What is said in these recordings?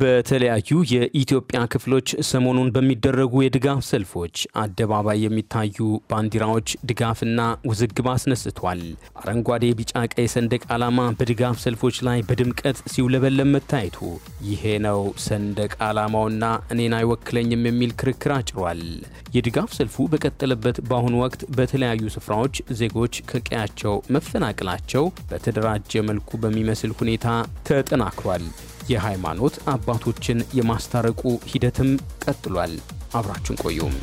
በተለያዩ የኢትዮጵያ ክፍሎች ሰሞኑን በሚደረጉ የድጋፍ ሰልፎች አደባባይ የሚታዩ ባንዲራዎች ድጋፍና ውዝግብ አስነስቷል። አረንጓዴ፣ ቢጫ፣ ቀይ ሰንደቅ ዓላማ በድጋፍ ሰልፎች ላይ በድምቀት ሲውለበለም መታየቱ ይሄ ነው ሰንደቅ ዓላማውና እኔን አይወክለኝም የሚል ክርክር አጭሯል። የድጋፍ ሰልፉ በቀጠለበት በአሁኑ ወቅት በተለያዩ ስፍራዎች ዜጎች ከቀያቸው መፈናቀላቸው በተደራጀ መልኩ በሚመስል ሁኔታ ተጠናክሯል። የሃይማኖት አባቶችን የማስታረቁ ሂደትም ቀጥሏል። አብራችን ቆዩም።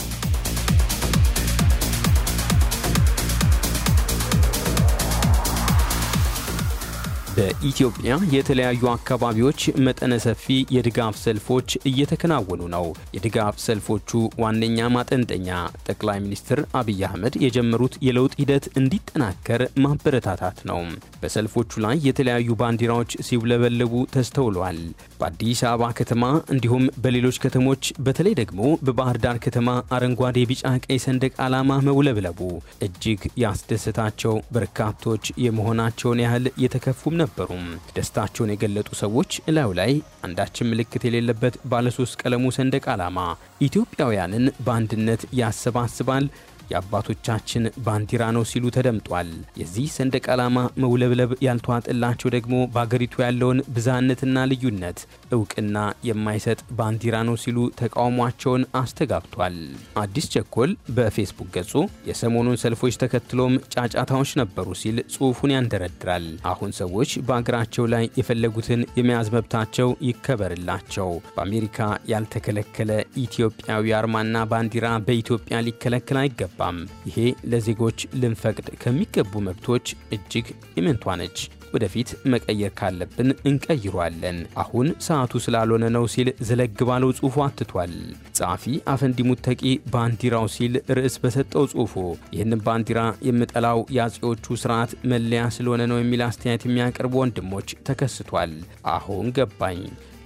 በኢትዮጵያ የተለያዩ አካባቢዎች መጠነ ሰፊ የድጋፍ ሰልፎች እየተከናወኑ ነው። የድጋፍ ሰልፎቹ ዋነኛ ማጠንጠኛ ጠቅላይ ሚኒስትር አብይ አህመድ የጀመሩት የለውጥ ሂደት እንዲጠናከር ማበረታታት ነው። በሰልፎቹ ላይ የተለያዩ ባንዲራዎች ሲውለበለቡ ተስተውሏል። በአዲስ አበባ ከተማ እንዲሁም በሌሎች ከተሞች በተለይ ደግሞ በባህር ዳር ከተማ አረንጓዴ፣ ቢጫ፣ ቀይ ሰንደቅ ዓላማ መውለብለቡ እጅግ ያስደሰታቸው በርካቶች የመሆናቸውን ያህል የተከፉም ነው ነበሩም። ደስታቸውን የገለጡ ሰዎች እላዩ ላይ አንዳችን ምልክት የሌለበት ባለሶስት ቀለሙ ሰንደቅ ዓላማ ኢትዮጵያውያንን በአንድነት ያሰባስባል የአባቶቻችን ባንዲራ ነው ሲሉ ተደምጧል። የዚህ ሰንደቅ ዓላማ መውለብለብ ያልተዋጠላቸው ደግሞ በአገሪቱ ያለውን ብዝሃነትና ልዩነት እውቅና የማይሰጥ ባንዲራ ነው ሲሉ ተቃውሟቸውን አስተጋብቷል። አዲስ ቸኮል በፌስቡክ ገጹ የሰሞኑን ሰልፎች ተከትሎም ጫጫታዎች ነበሩ ሲል ጽሑፉን ያንደረድራል። አሁን ሰዎች በአገራቸው ላይ የፈለጉትን የመያዝ መብታቸው ይከበርላቸው። በአሜሪካ ያልተከለከለ ኢትዮጵያዊ አርማና ባንዲራ በኢትዮጵያ ሊከለከል አይገባል አይገባም። ይሄ ለዜጎች ልንፈቅድ ከሚገቡ መብቶች እጅግ ኢመንቷ ነች። ወደፊት መቀየር ካለብን እንቀይሯለን። አሁን ሰዓቱ ስላልሆነ ነው ሲል ዘለግ ባለው ጽሑፉ አትቷል። ጸሐፊ አፈንዲ ሙተቂ ባንዲራው ሲል ርዕስ በሰጠው ጽሑፉ ይህንን ባንዲራ የምጠላው የአጼዎቹ ስርዓት መለያ ስለሆነ ነው የሚል አስተያየት የሚያቀርቡ ወንድሞች ተከስቷል። አሁን ገባኝ።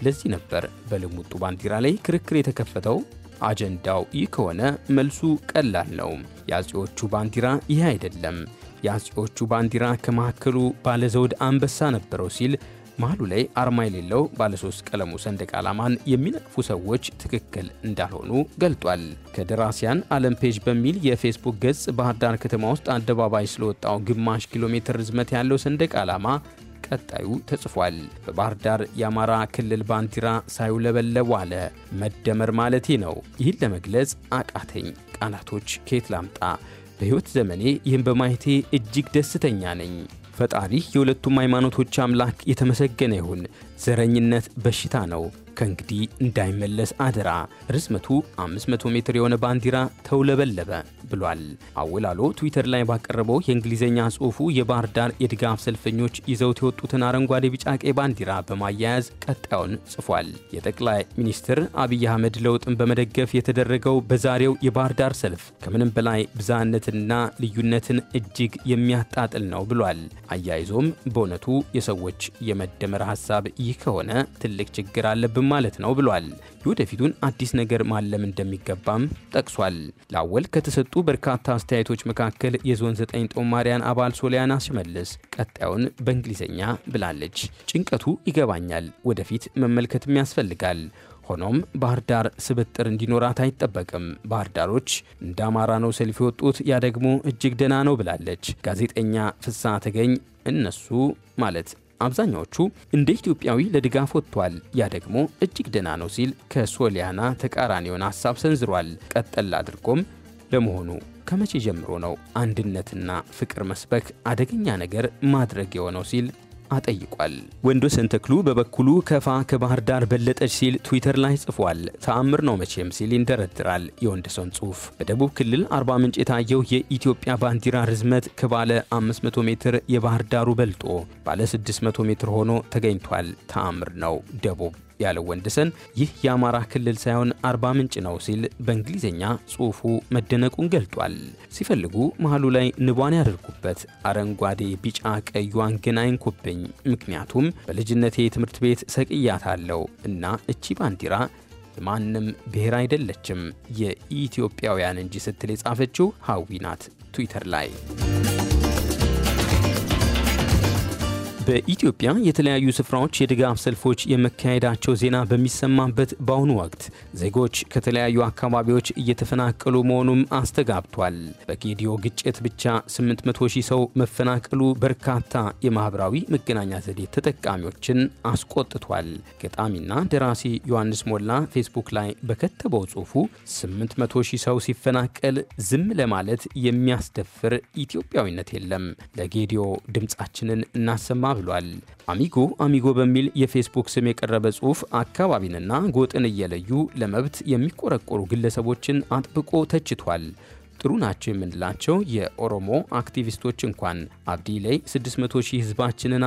ለዚህ ነበር በልሙጡ ባንዲራ ላይ ክርክር የተከፈተው አጀንዳው ይህ ከሆነ መልሱ ቀላል ነው። የአጼዎቹ ባንዲራ ይህ አይደለም። የአጼዎቹ ባንዲራ ከመካከሉ ባለዘውድ አንበሳ ነበረው ሲል መሃሉ ላይ አርማ የሌለው ባለሶስት ቀለሙ ሰንደቅ ዓላማን የሚነቅፉ ሰዎች ትክክል እንዳልሆኑ ገልጧል። ከደራሲያን አለም ፔጅ በሚል የፌስቡክ ገጽ ባህር ዳር ከተማ ውስጥ አደባባይ ስለወጣው ግማሽ ኪሎ ሜትር ርዝመት ያለው ሰንደቅ ዓላማ ቀጣዩ ተጽፏል። በባህር ዳር የአማራ ክልል ባንዲራ ሳይውለበለብ ዋለ። መደመር ማለቴ ነው። ይህን ለመግለጽ አቃተኝ። ቃላቶች ከየት ላምጣ? በሕይወት ዘመኔ ይህን በማየቴ እጅግ ደስተኛ ነኝ። ፈጣሪ የሁለቱም ሃይማኖቶች አምላክ የተመሰገነ ይሁን። ዘረኝነት በሽታ ነው። ከእንግዲህ እንዳይመለስ አደራ። ርዝመቱ 500 ሜትር የሆነ ባንዲራ ተውለበለበ ብሏል። አወላሎ ትዊተር ላይ ባቀረበው የእንግሊዝኛ ጽሑፉ የባህር ዳር የድጋፍ ሰልፈኞች ይዘውት የወጡትን አረንጓዴ፣ ቢጫ፣ ቀይ ባንዲራ በማያያዝ ቀጣዩን ጽፏል። የጠቅላይ ሚኒስትር አብይ አህመድ ለውጥን በመደገፍ የተደረገው በዛሬው የባህር ዳር ሰልፍ ከምንም በላይ ብዝሃነትንና ልዩነትን እጅግ የሚያጣጥል ነው ብሏል። አያይዞም በእውነቱ የሰዎች የመደመር ሀሳብ ይህ ከሆነ ትልቅ ችግር አለብን ማለት ነው ብሏል። የወደፊቱን አዲስ ነገር ማለም እንደሚገባም ጠቅሷል። ለአወል ከተሰጡ በርካታ አስተያየቶች መካከል የዞን ዘጠኝ ጦማሪያን አባል ሶሊያና ሲመልስ ቀጣዩን በእንግሊዝኛ ብላለች። ጭንቀቱ ይገባኛል፣ ወደፊት መመልከትም ያስፈልጋል። ሆኖም ባህር ዳር ስብጥር እንዲኖራት አይጠበቅም። ባህር ዳሮች እንደ አማራ ነው ሰልፍ የወጡት፣ ያ ደግሞ እጅግ ደህና ነው ብላለች። ጋዜጠኛ ፍስሐ ተገኝ እነሱ ማለት አብዛኛዎቹ እንደ ኢትዮጵያዊ ለድጋፍ ወጥቷል። ያ ደግሞ እጅግ ደና ነው ሲል ከሶሊያና ተቃራኒውን ሀሳብ ሰንዝሯል። ቀጠል አድርጎም ለመሆኑ ከመቼ ጀምሮ ነው አንድነትና ፍቅር መስበክ አደገኛ ነገር ማድረግ የሆነው ሲል አጠይቋል። ወንዶ ሰንተክሉ በበኩሉ ከፋ ከባህር ዳር በለጠች ሲል ትዊተር ላይ ጽፏል። ተአምር ነው መቼም ሲል ይንደረድራል ሰውን ጽሁፍ። በደቡብ ክልል አርባ ምንጭ የታየው የኢትዮጵያ ባንዲራ ርዝመት ከባለ 500 ሜትር የባህር ዳሩ በልጦ ባለ 600 ሜትር ሆኖ ተገኝቷል። ተአምር ነው ደቡብ ያለው ወንድሰን ይህ የአማራ ክልል ሳይሆን አርባ ምንጭ ነው ሲል በእንግሊዝኛ ጽሑፉ መደነቁን ገልጧል። ሲፈልጉ መሀሉ ላይ ንቧን ያደርጉበት፣ አረንጓዴ ቢጫ ቀዩን ግን አይንኩብኝ፣ ምክንያቱም በልጅነቴ ትምህርት ቤት አለው እና እቺ ባንዲራ ማንም ብሔር አይደለችም የኢትዮጵያውያን እንጂ ስትል የጻፈችው ሀዊ ናት ትዊተር ላይ በኢትዮጵያ የተለያዩ ስፍራዎች የድጋፍ ሰልፎች የመካሄዳቸው ዜና በሚሰማበት በአሁኑ ወቅት ዜጎች ከተለያዩ አካባቢዎች እየተፈናቀሉ መሆኑም አስተጋብቷል። በጌዲዮ ግጭት ብቻ 800 ሺህ ሰው መፈናቀሉ በርካታ የማህበራዊ መገናኛ ዘዴ ተጠቃሚዎችን አስቆጥቷል። ገጣሚና ደራሲ ዮሐንስ ሞላ ፌስቡክ ላይ በከተበው ጽሑፉ 800 ሺህ ሰው ሲፈናቀል ዝም ለማለት የሚያስደፍር ኢትዮጵያዊነት የለም። ለጌዲዮ ድምፃችንን እናሰማ ብሏል። አሚጎ አሚጎ በሚል የፌስቡክ ስም የቀረበ ጽሑፍ አካባቢንና ጎጥን እየለዩ ለመብት የሚቆረቆሩ ግለሰቦችን አጥብቆ ተችቷል። ጥሩ ናቸው የምንላቸው የኦሮሞ አክቲቪስቶች እንኳን አብዲ ላይ 600 ሺህ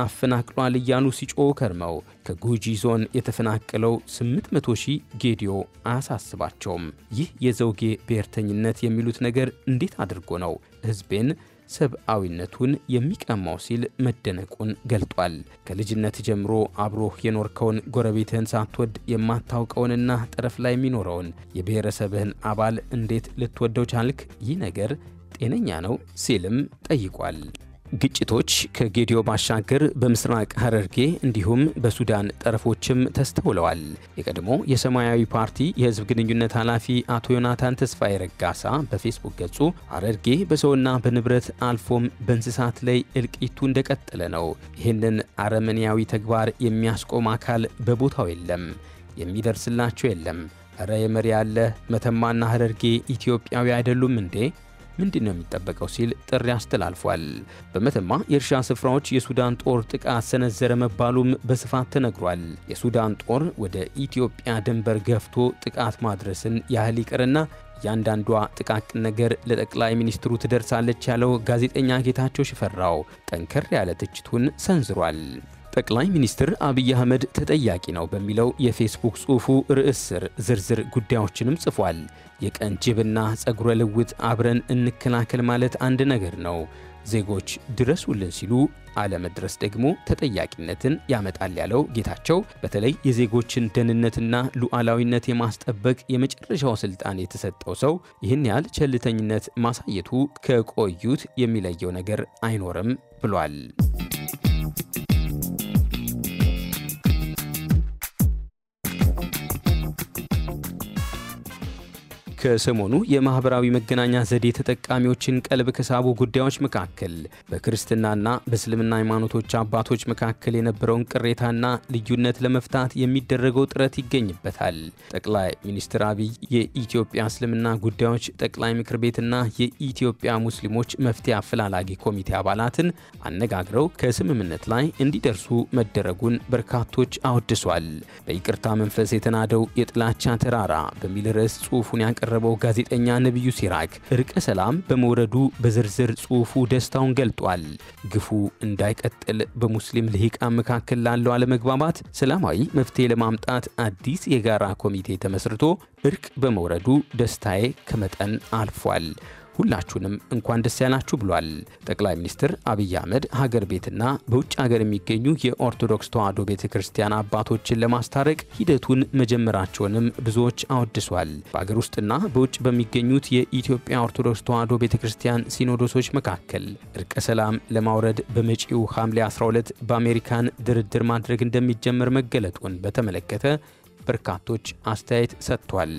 አፈናቅሏል እያሉ ሲጮ ከርመው ከጉጂ ዞን የተፈናቀለው 800 ሺህ ጌዲዮ አያሳስባቸውም። ይህ የዘውጌ ብሔርተኝነት የሚሉት ነገር እንዴት አድርጎ ነው ህዝቤን ሰብአዊነቱን የሚቀማው ሲል መደነቁን ገልጧል። ከልጅነት ጀምሮ አብሮ የኖርከውን ጎረቤትህን ሳትወድ የማታውቀውንና ጠረፍ ላይ የሚኖረውን የብሔረሰብህን አባል እንዴት ልትወደው ቻልክ? ይህ ነገር ጤነኛ ነው ሲልም ጠይቋል። ግጭቶች ከጌዲዮ ባሻገር በምስራቅ ሐረርጌ እንዲሁም በሱዳን ጠረፎችም ተስተውለዋል። የቀድሞ የሰማያዊ ፓርቲ የህዝብ ግንኙነት ኃላፊ አቶ ዮናታን ተስፋዬ ረጋሳ በፌስቡክ ገጹ ሐረርጌ በሰውና በንብረት አልፎም በእንስሳት ላይ እልቂቱ እንደቀጠለ ነው። ይህንን አረመኔያዊ ተግባር የሚያስቆም አካል በቦታው የለም፣ የሚደርስላቸው የለም። እረ የመሪ ያለ መተማና ሐረርጌ ኢትዮጵያዊ አይደሉም እንዴ? ምንድን ነው የሚጠበቀው ሲል ጥሪ አስተላልፏል። በመተማ የእርሻ ስፍራዎች የሱዳን ጦር ጥቃት ሰነዘረ መባሉም በስፋት ተነግሯል። የሱዳን ጦር ወደ ኢትዮጵያ ድንበር ገፍቶ ጥቃት ማድረስን ያህል ይቅርና እያንዳንዷ ጥቃቅን ነገር ለጠቅላይ ሚኒስትሩ ትደርሳለች ያለው ጋዜጠኛ ጌታቸው ሽፈራው ጠንከር ያለ ትችቱን ሰንዝሯል። ጠቅላይ ሚኒስትር አብይ አህመድ ተጠያቂ ነው በሚለው የፌስቡክ ጽሑፉ ርዕስ ስር ዝርዝር ጉዳዮችንም ጽፏል። የቀን ጅብና ጸጉረ ልውጥ አብረን እንከላከል ማለት አንድ ነገር ነው። ዜጎች ድረሱልን ሲሉ አለመድረስ ደግሞ ተጠያቂነትን ያመጣል ያለው ጌታቸው በተለይ የዜጎችን ደህንነትና ሉዓላዊነት የማስጠበቅ የመጨረሻው ስልጣን የተሰጠው ሰው ይህን ያህል ቸልተኝነት ማሳየቱ ከቆዩት የሚለየው ነገር አይኖርም ብሏል። ከሰሞኑ የማህበራዊ መገናኛ ዘዴ ተጠቃሚዎችን ቀልብ ከሳቡ ጉዳዮች መካከል በክርስትናና በእስልምና ሃይማኖቶች አባቶች መካከል የነበረውን ቅሬታና ልዩነት ለመፍታት የሚደረገው ጥረት ይገኝበታል። ጠቅላይ ሚኒስትር አብይ የኢትዮጵያ እስልምና ጉዳዮች ጠቅላይ ምክር ቤትና የኢትዮጵያ ሙስሊሞች መፍትሄ አፈላላጊ ኮሚቴ አባላትን አነጋግረው ከስምምነት ላይ እንዲደርሱ መደረጉን በርካቶች አወድሷል። በይቅርታ መንፈስ የተናደው የጥላቻ ተራራ በሚል ርዕስ ጽሑፉን ያቀረ ያቀረበው ጋዜጠኛ ነቢዩ ሲራክ እርቀ ሰላም በመውረዱ በዝርዝር ጽሑፉ ደስታውን ገልጧል። ግፉ እንዳይቀጥል በሙስሊም ልሂቃ መካከል ላለው አለመግባባት ሰላማዊ መፍትሄ ለማምጣት አዲስ የጋራ ኮሚቴ ተመስርቶ እርቅ በመውረዱ ደስታዬ ከመጠን አልፏል። ሁላችሁንም እንኳን ደስ ያላችሁ ብሏል። ጠቅላይ ሚኒስትር አብይ አህመድ ሀገር ቤትና በውጭ ሀገር የሚገኙ የኦርቶዶክስ ተዋሕዶ ቤተ ክርስቲያን አባቶችን ለማስታረቅ ሂደቱን መጀመራቸውንም ብዙዎች አወድሷል። በሀገር ውስጥና በውጭ በሚገኙት የኢትዮጵያ ኦርቶዶክስ ተዋሕዶ ቤተ ክርስቲያን ሲኖዶሶች መካከል እርቀ ሰላም ለማውረድ በመጪው ሐምሌ 12 በአሜሪካን ድርድር ማድረግ እንደሚጀመር መገለጡን በተመለከተ በርካቶች አስተያየት ሰጥቷል።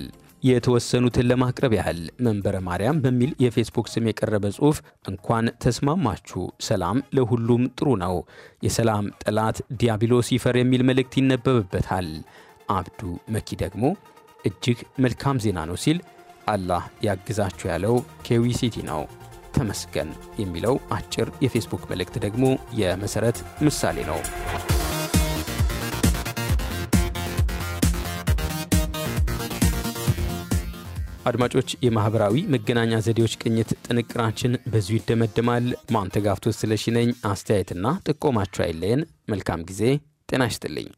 የተወሰኑትን ለማቅረብ ያህል መንበረ ማርያም በሚል የፌስቡክ ስም የቀረበ ጽሑፍ እንኳን ተስማማችሁ፣ ሰላም ለሁሉም ጥሩ ነው፣ የሰላም ጠላት ዲያብሎስ ይፈር የሚል መልእክት ይነበብበታል። አብዱ መኪ ደግሞ እጅግ መልካም ዜና ነው ሲል አላህ ያግዛችሁ ያለው ኬዊ ሲቲ ነው። ተመስገን የሚለው አጭር የፌስቡክ መልእክት ደግሞ የመሠረት ምሳሌ ነው። አድማጮች፣ የማኅበራዊ መገናኛ ዘዴዎች ቅኝት ጥንቅራችን በዚሁ ይደመደማል። ማንተጋፍቶ ስለሽነኝ አስተያየትና ጥቆማቸው አይለየን። መልካም ጊዜ። ጤና ይስጥልኝ።